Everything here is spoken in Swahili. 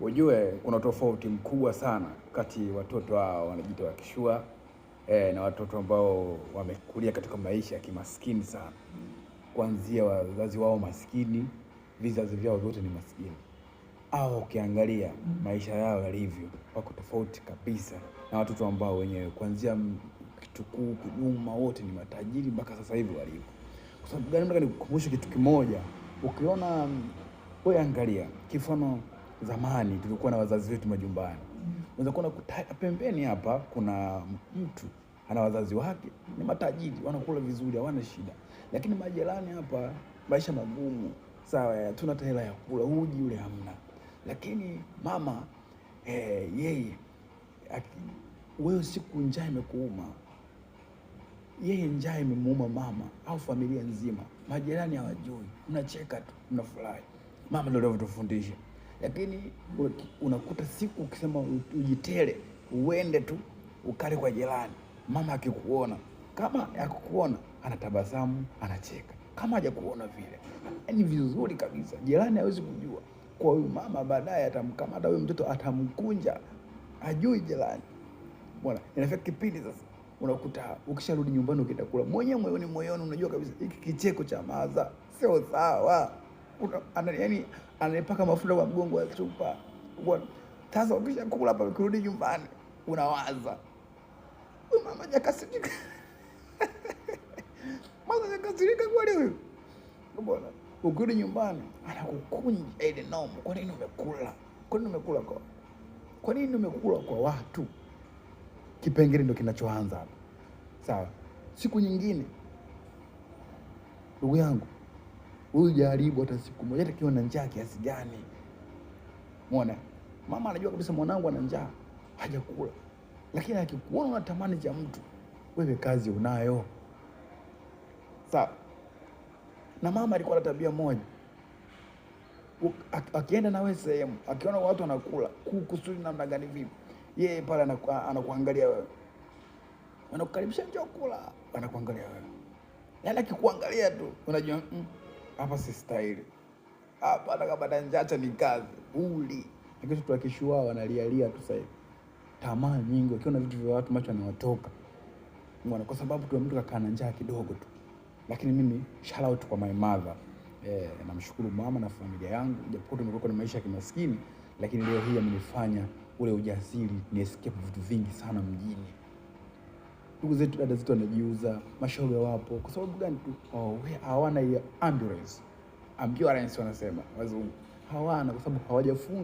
Ujue kuna tofauti mkubwa sana kati watoto hao wanajiita wakishua e, na watoto ambao wamekulia katika maisha ya kimaskini sana, kuanzia wazazi wao maskini, vizazi vyao vyote ni maskini au ukiangalia maisha yao yalivyo, wako tofauti kabisa na watoto ambao wenyewe kuanzia kitukuu kunyuma wote ni matajiri mpaka sasa hivi walivyo. Kwa sababu gani? Nataka nikukumbushe kitu kimoja. Ukiona wewe, angalia kifano zamani tulikuwa na wazazi wetu majumbani. Unaweza kuona pembeni hapa kuna mtu ana wazazi wake ni matajiri, wanakula vizuri, hawana shida, lakini majirani hapa maisha magumu. Sawa, hatuna hata hela ya kula, uji ule hamna, lakini mama eh, yeye wewe siku njaa imekuuma yeye njaa imemuuma mama au familia nzima, majirani hawajui, mnacheka tu, mnafurahi. Mama ndio alivyotufundisha lakini unakuta siku ukisema ujitele uende tu ukale kwa jirani, mama akikuona, kama akikuona anatabasamu anacheka, kama hajakuona vile ni yaani vizuri kabisa. Jirani hawezi kujua, kwa huyu mama baadaye atamkamata huyu mtoto atamkunja, ajui jirani bwana. Inafika kipindi sasa unakuta ukisharudi nyumbani ukienda kula mwenyewe, moyoni moyoni unajua kabisa hiki kicheko cha maza sio sawa yani ananipaka mafuta kwa mgongo wa chupa. Sasa ukisha kula hapa, ukirudi nyumbani unawaza mama jakasirika, mama jakasirika kwa leo. Mbona ukirudi nyumbani anakukunja ile nomo, kwa nini umekula? Kwa nini umekula kwa kwa nini umekula kwa watu? Kipengele ndio kinachoanza hapa, sawa. Siku nyingine, ndugu yangu huyu jaribu hata siku moja, hata kiwa na njaa kiasi gani. Umeona, mama anajua kabisa mwanangu ana njaa, hajakula, lakini akikuona unatamani cha mtu, wewe kazi unayo. Sawa. Na mama alikuwa na tabia moja, akienda na wewe sehemu, akiona watu wanakula kukusudi namna gani, vipi, yeye pale anakuangalia wewe, anakukaribisha, njoo kula, anakuangalia wewe, yaani akikuangalia tu unajua mm hapa si stahili hapa, hata kama tanjacha ni kazi uli lakini watu wakishua wanalialia tu sasa hivi, tamaa nyingi, wakiona vitu vya watu macho yanawatoka mwana, kwa sababu tu mtu kakaa na njaa kidogo tu. Lakini mimi shout out kwa my mother eh, namshukuru mama na familia yangu, japokuwa tumekuwa na maisha ya kimaskini, lakini leo hii amenifanya ule ujasiri ni escape vitu vingi sana mjini ndugu zetu dada zetu wanajiuza, mashoga wapo. Kwa sababu gani tu? Oh, hawana ambulance ambulance wanasema wazungu hawana, kwa sababu hawajafunga